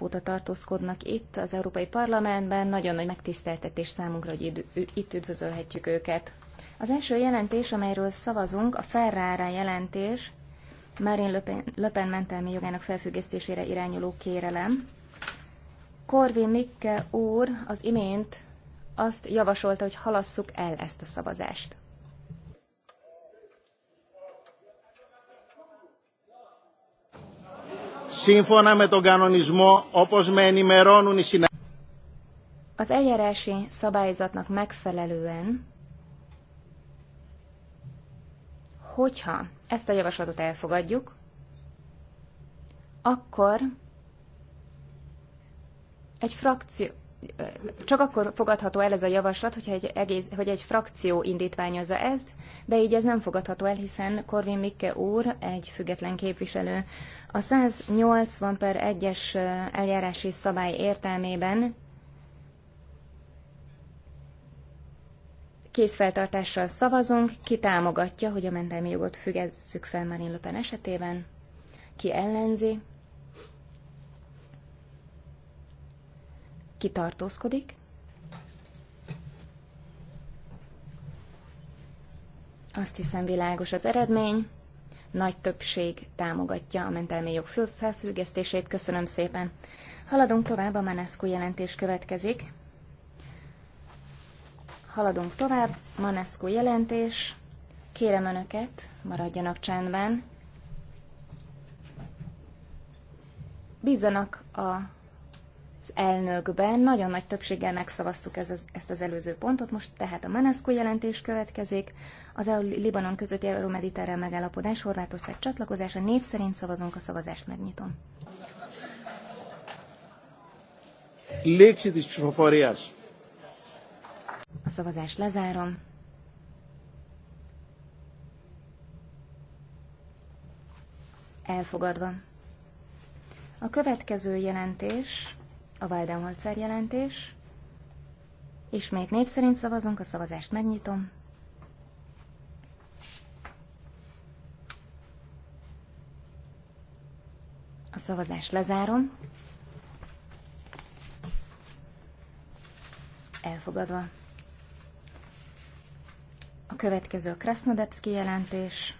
óta tartózkodnak itt az Európai Parlamentben. Nagyon nagy megtiszteltetés számunkra, hogy itt üdvözölhetjük őket. Az első jelentés, amelyről szavazunk, a Ferrara jelentés, Marine Le Pen, Le Pen mentelmi jogának felfüggesztésére irányuló kérelem. Korvin Mikke úr az imént azt javasolta, hogy halasszuk el ezt a szavazást. σύμφωνα με τον κανονισμό όπως με ενημερώνουν οι Az eljárási szabályzatnak megfelelően, hogyha ezt a javaslatot elfogadjuk, akkor egy frakció, csak akkor fogadható el ez a javaslat, hogyha egy egész, hogy egy frakció indítványozza ezt, de így ez nem fogadható el, hiszen Korvin Mikke úr egy független képviselő. A 180 per 1-es eljárási szabály értelmében készfeltartással szavazunk, ki támogatja, hogy a mentelmi jogot függesszük fel Marine Le Pen esetében, ki ellenzi, kitartózkodik. Azt hiszem világos az eredmény. Nagy többség támogatja a mentelmi jog felfüggesztését. Köszönöm szépen. Haladunk tovább, a Manescu jelentés következik. Haladunk tovább, Manescu jelentés. Kérem Önöket, maradjanak csendben. Bízzanak a elnökben nagyon nagy többséggel megszavaztuk ez, az, ezt az előző pontot, most tehát a Manaszko jelentés következik, az EU-Libanon közötti mediterrán megállapodás, Horvátország csatlakozása, név szerint szavazunk, a szavazást megnyitom. A szavazást lezárom. Elfogadva. A következő jelentés a Weidenholzer jelentés. Ismét név szerint szavazunk, a szavazást megnyitom. A szavazást lezárom. Elfogadva. A következő a Krasnodebski jelentés.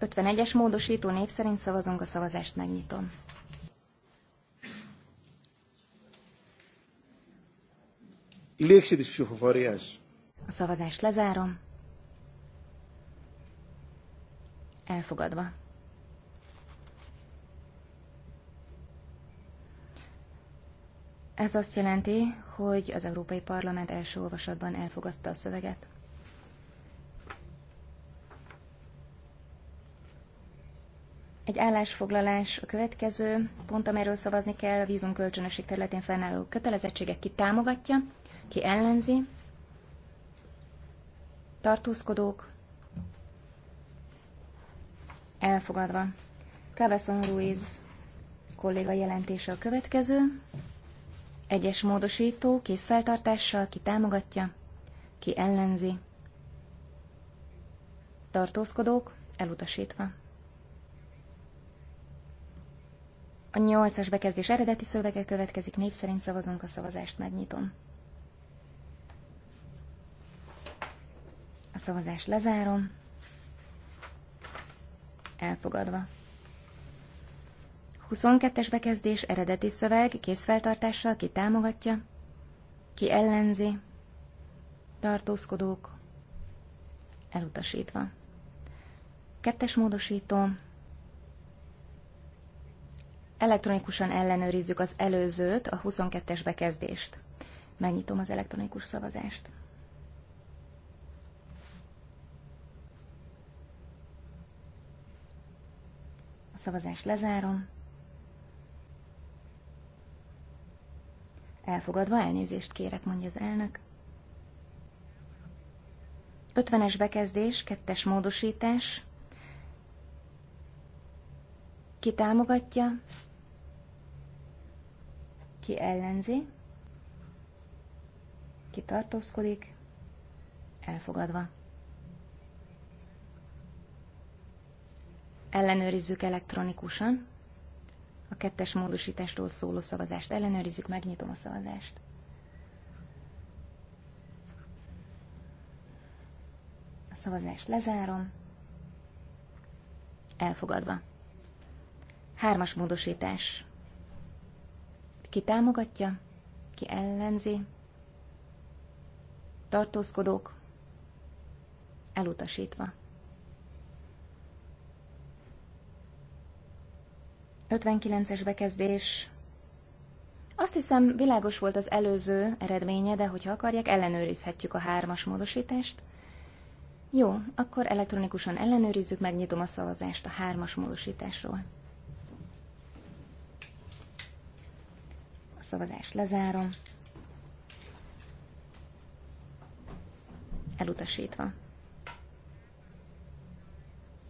51-es módosító név szerint szavazunk, a szavazást megnyitom. Λήξη της ψηφοφορίας. A szavazást lezárom. Elfogadva. Ez azt jelenti, hogy az Európai Parlament első olvasatban elfogadta a szöveget. Egy állásfoglalás a következő pont, amelyről szavazni kell, a vízum kölcsönösség területén fennálló kötelezettségek ki támogatja, ki ellenzi? Tartózkodók. Elfogadva. Cabezon Ruiz kolléga jelentése a következő. Egyes módosító készfeltartással ki támogatja, ki ellenzi. Tartózkodók elutasítva. A nyolcas bekezdés eredeti szövege következik, név szerint szavazunk a szavazást, megnyitom. A szavazást lezárom. Elfogadva. 22-es bekezdés eredeti szöveg készfeltartással ki támogatja, ki ellenzi, tartózkodók, elutasítva. Kettes módosító. Elektronikusan ellenőrizzük az előzőt, a 22-es bekezdést. Megnyitom az elektronikus szavazást. A szavazást lezárom. Elfogadva elnézést kérek, mondja az elnök. 50-es bekezdés, kettes módosítás. Ki támogatja? Ki ellenzi? Ki tartózkodik? Elfogadva. ellenőrizzük elektronikusan. A kettes módosítástól szóló szavazást ellenőrizzük, megnyitom a szavazást. A szavazást lezárom. Elfogadva. Hármas módosítás. Ki támogatja, ki ellenzi, tartózkodók, elutasítva. 59-es bekezdés. Azt hiszem, világos volt az előző eredménye, de hogyha akarják, ellenőrizhetjük a hármas módosítást. Jó, akkor elektronikusan ellenőrizzük, megnyitom a szavazást a hármas módosításról. A szavazást lezárom. Elutasítva.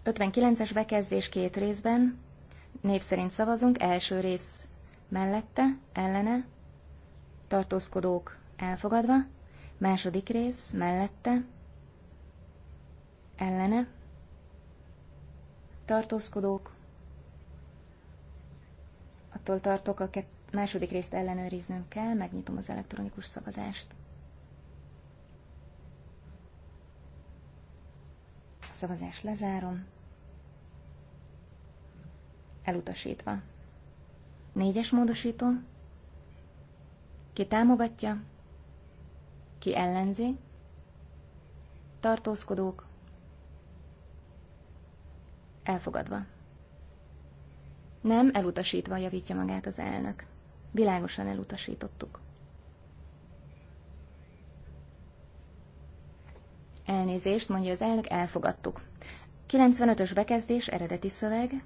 59-es bekezdés két részben, Név szerint szavazunk, első rész mellette, ellene, tartózkodók elfogadva, második rész mellette, ellene, tartózkodók, attól tartok, a második részt ellenőriznünk kell, megnyitom az elektronikus szavazást. A szavazást lezárom elutasítva. Négyes módosító. Ki támogatja? Ki ellenzi? Tartózkodók. Elfogadva. Nem, elutasítva javítja magát az elnök. Világosan elutasítottuk. Elnézést, mondja az elnök, elfogadtuk. 95-ös bekezdés, eredeti szöveg,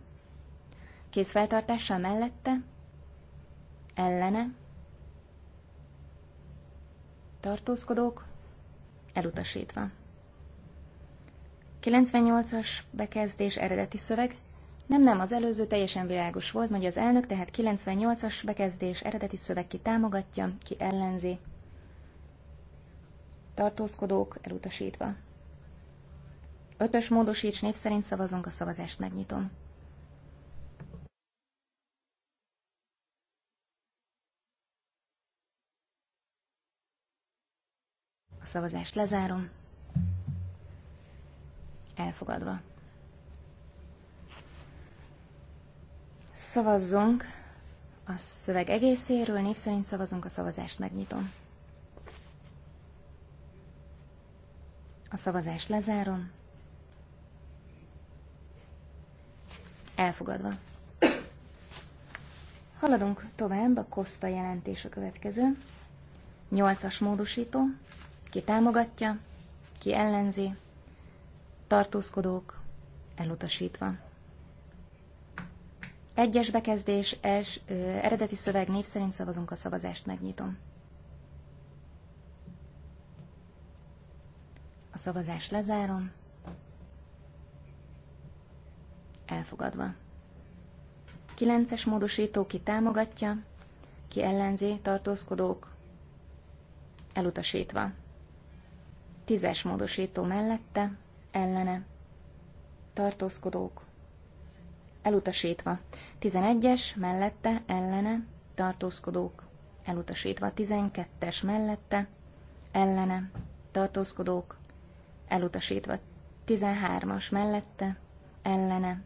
készfeltartással mellette, ellene, tartózkodók, elutasítva. 98-as bekezdés eredeti szöveg, nem, nem, az előző teljesen világos volt, mondja az elnök, tehát 98-as bekezdés eredeti szöveg ki támogatja, ki ellenzi. Tartózkodók elutasítva. Ötös módosíts név szerint szavazunk, a szavazást megnyitom. szavazást lezárom. Elfogadva. Szavazzunk a szöveg egészéről, név szerint szavazunk, a szavazást megnyitom. A szavazást lezárom. Elfogadva. Haladunk tovább, a Koszta jelentés a következő. Nyolcas módosító. Ki támogatja, ki ellenzi, tartózkodók elutasítva. Egyes bekezdés, es, ö, eredeti szöveg név szerint szavazunk a szavazást, megnyitom. A szavazást lezárom. Elfogadva. Kilences módosító ki támogatja, ki ellenzi, tartózkodók, elutasítva. Tízes módosító mellette, ellene, tartózkodók, elutasítva. Tizenegyes mellette, ellene, tartózkodók, elutasítva. Tizenkettes mellette, ellene, tartózkodók, elutasítva. Tizenhármas mellette, ellene,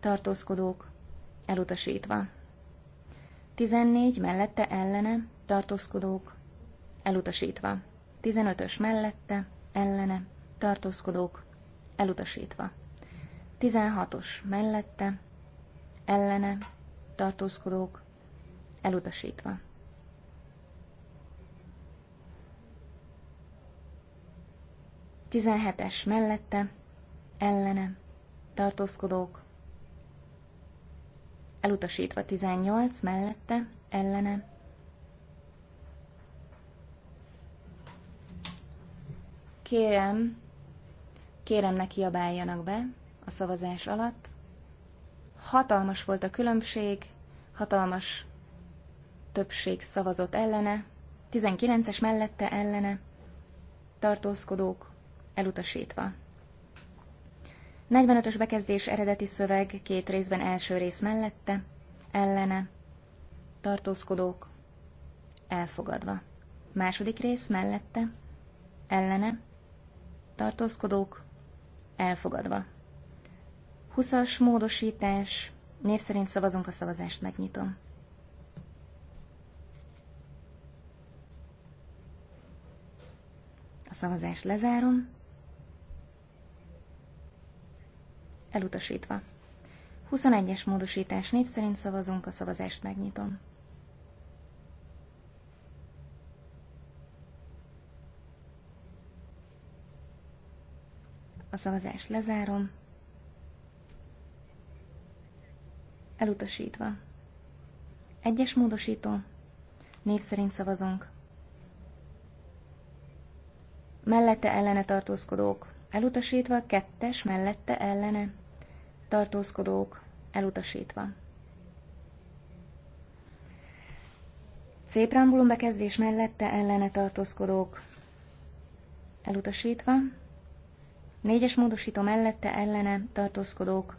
tartózkodók, elutasítva. Tizennégy mellette, ellene, tartózkodók, elutasítva. Tizenötös mellette, ellene, tartózkodók, elutasítva. 16-os mellette, ellene, tartózkodók, elutasítva. Tizenhetes mellette, ellene, tartózkodók, elutasítva Tizennyolc mellette, ellene, Kérem, kérem ne kiabáljanak be a szavazás alatt. Hatalmas volt a különbség, hatalmas többség szavazott ellene, 19-es mellette ellene, tartózkodók elutasítva. 45-ös bekezdés eredeti szöveg két részben első rész mellette, ellene, tartózkodók elfogadva. Második rész mellette, ellene, tartózkodók, elfogadva. 20-as módosítás, név szerint szavazunk a szavazást, megnyitom. A szavazást lezárom. Elutasítva. 21-es módosítás név szerint szavazunk, a szavazást megnyitom. A szavazást lezárom. Elutasítva. Egyes módosító. Név szerint szavazunk. Mellette ellene tartózkodók. Elutasítva. Kettes mellette ellene tartózkodók. Elutasítva. Szép bekezdés mellette ellene tartózkodók. Elutasítva. Négyes módosító mellette ellene tartózkodók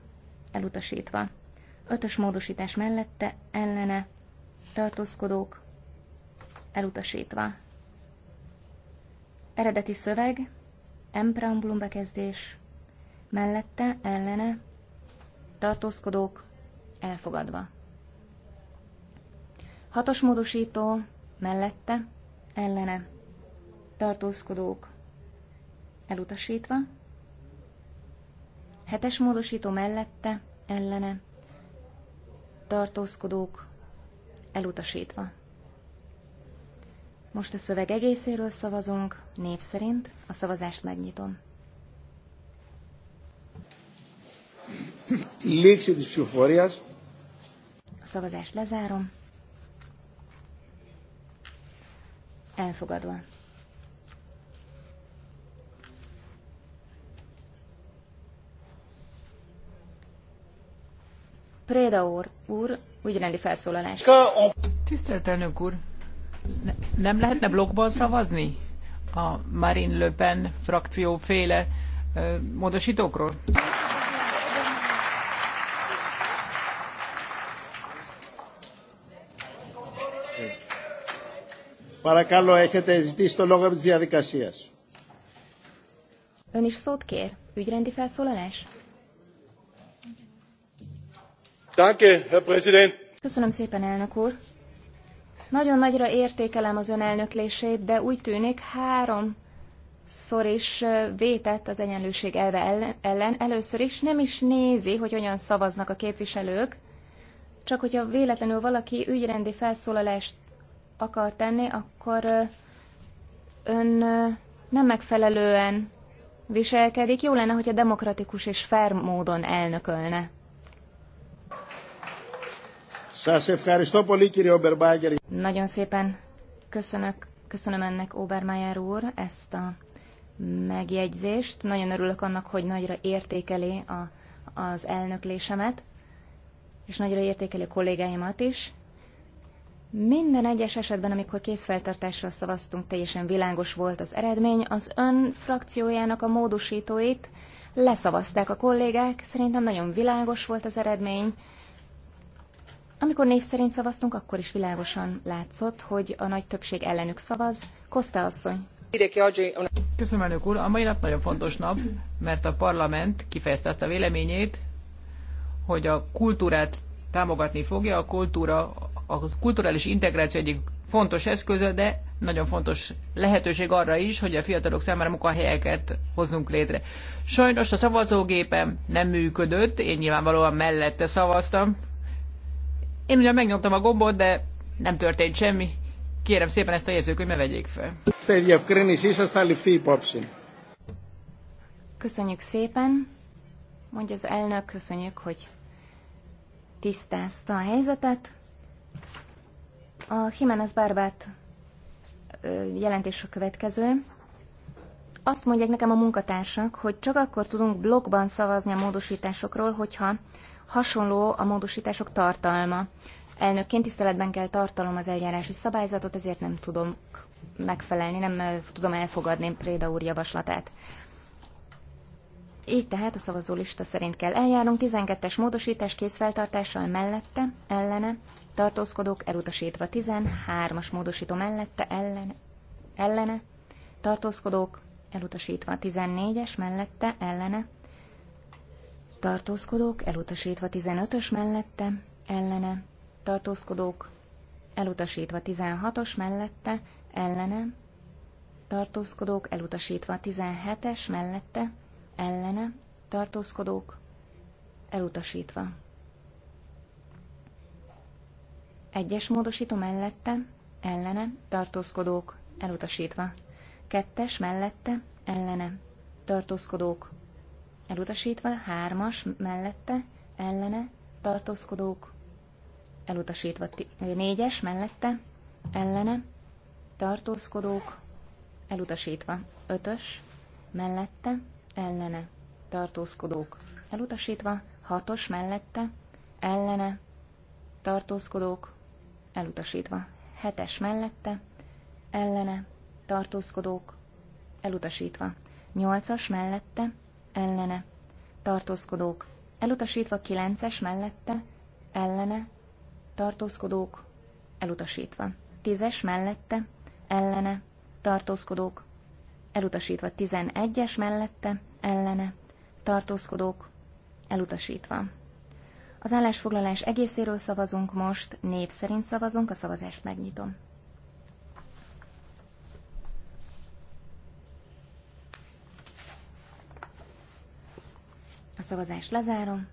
elutasítva. Ötös módosítás mellette ellene tartózkodók elutasítva. Eredeti szöveg, empreambulum bekezdés, mellette ellene tartózkodók elfogadva. Hatos módosító, mellette ellene tartózkodók elutasítva. Hetes módosító mellette, ellene, tartózkodók, elutasítva. Most a szöveg egészéről szavazunk, név szerint a szavazást megnyitom. Λήξη της A szavazást lezárom. Elfogadva. Préda úr, úr ügyrendi felszólalás. Tisztelt elnök úr, ne, nem lehetne blokkban szavazni a Marine Le Pen frakcióféle ö, módosítókról? Παρακαλώ, έχετε ζητήσει το λόγο Ön is szót kér? Ügyrendi felszólalás? Köszönöm szépen, elnök úr. Nagyon nagyra értékelem az ön elnöklését, de úgy tűnik három is vétett az egyenlőség elve ellen. Először is nem is nézi, hogy hogyan szavaznak a képviselők, csak hogyha véletlenül valaki ügyrendi felszólalást akar tenni, akkor ön nem megfelelően viselkedik. Jó lenne, hogyha demokratikus és fair módon elnökölne. Nagyon szépen köszönök, köszönöm ennek Obermeyer úr ezt a megjegyzést. Nagyon örülök annak, hogy nagyra értékeli a, az elnöklésemet, és nagyra értékeli a kollégáimat is. Minden egyes esetben, amikor készfeltartásra szavaztunk, teljesen világos volt az eredmény. Az ön frakciójának a módosítóit leszavazták a kollégák. Szerintem nagyon világos volt az eredmény. Amikor név szerint szavaztunk, akkor is világosan látszott, hogy a nagy többség ellenük szavaz. Kosta asszony. Köszönöm, elnök úr. A mai nap nagyon fontos nap, mert a parlament kifejezte azt a véleményét, hogy a kultúrát támogatni fogja, a kultúra, a kulturális integráció egyik fontos eszköze, de nagyon fontos lehetőség arra is, hogy a fiatalok számára munkahelyeket hozzunk létre. Sajnos a szavazógépem nem működött, én nyilvánvalóan mellette szavaztam, én ugyan megnyomtam a gombot, de nem történt semmi. Kérem szépen ezt a jegyzőkönyvbe vegyék fel. Köszönjük szépen, mondja az elnök, köszönjük, hogy tisztázta a helyzetet. A Jimenez Barbát jelentés a következő. Azt mondják nekem a munkatársak, hogy csak akkor tudunk blogban szavazni a módosításokról, hogyha hasonló a módosítások tartalma. Elnökként tiszteletben kell tartalom az eljárási szabályzatot, ezért nem tudom megfelelni, nem eh, tudom elfogadni Préda úr javaslatát. Így tehát a szavazólista szerint kell eljárnunk 12-es módosítás készfeltartással mellette, ellene, tartózkodók elutasítva 13-as módosító mellette, ellene, ellene tartózkodók elutasítva 14-es mellette, ellene, tartózkodók, elutasítva 15-ös mellette, ellene, tartózkodók, elutasítva 16-os mellette, ellene, tartózkodók, elutasítva 17-es mellette, ellene, tartózkodók, elutasítva. Egyes módosító mellette, ellene, tartózkodók, elutasítva. Kettes mellette, ellene, tartózkodók, elutasítva, hármas mellette, ellene, tartózkodók, elutasítva, négyes mellette, ellene, tartózkodók, elutasítva, ötös mellette, ellene, tartózkodók, elutasítva, hatos mellette, ellene, tartózkodók, elutasítva, hetes mellette, ellene, tartózkodók, elutasítva, nyolcas mellette, ellene, tartózkodók, elutasítva kilences mellette, ellene, tartózkodók, elutasítva. Tízes mellette, ellene, tartózkodók, elutasítva. tizenegyes mellette, ellene, tartózkodók, elutasítva. Az állásfoglalás egészéről szavazunk most, név szerint szavazunk, a szavazást megnyitom. szavazást lezárom.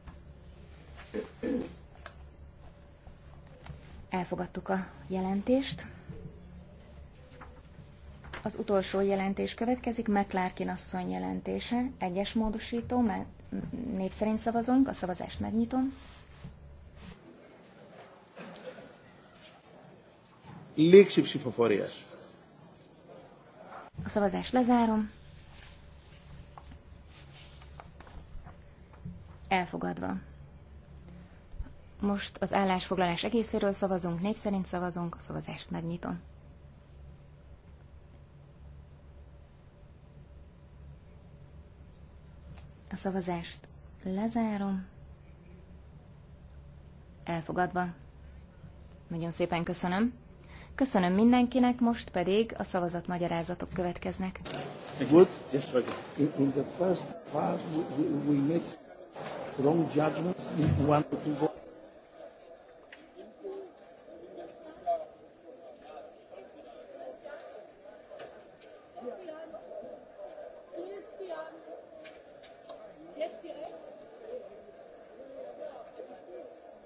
Elfogadtuk a jelentést. Az utolsó jelentés következik, McClarkin asszony jelentése, egyes módosító, mert név szerint szavazunk, a szavazást megnyitom. Légsipsi A szavazást lezárom. Elfogadva. Most az állásfoglalás egészéről szavazunk, név szerint szavazunk, a szavazást megnyitom. A szavazást lezárom. Elfogadva. Nagyon szépen köszönöm. Köszönöm mindenkinek, most pedig a szavazat magyarázatok következnek. Good. In, in the first part we, we, we wrong judgments in one or two votes.